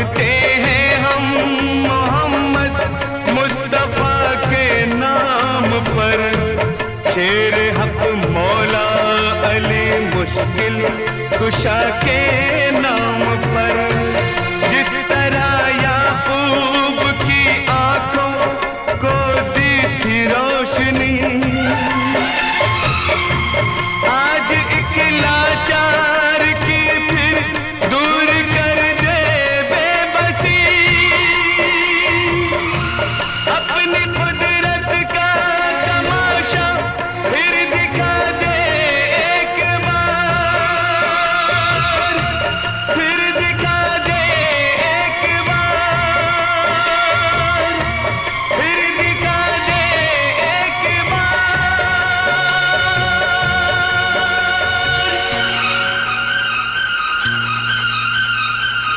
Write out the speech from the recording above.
लौटते हैं हम मोहम्मद मुस्तफ़ा के नाम पर शेर हक मौला अली मुश्किल कुशा के नाम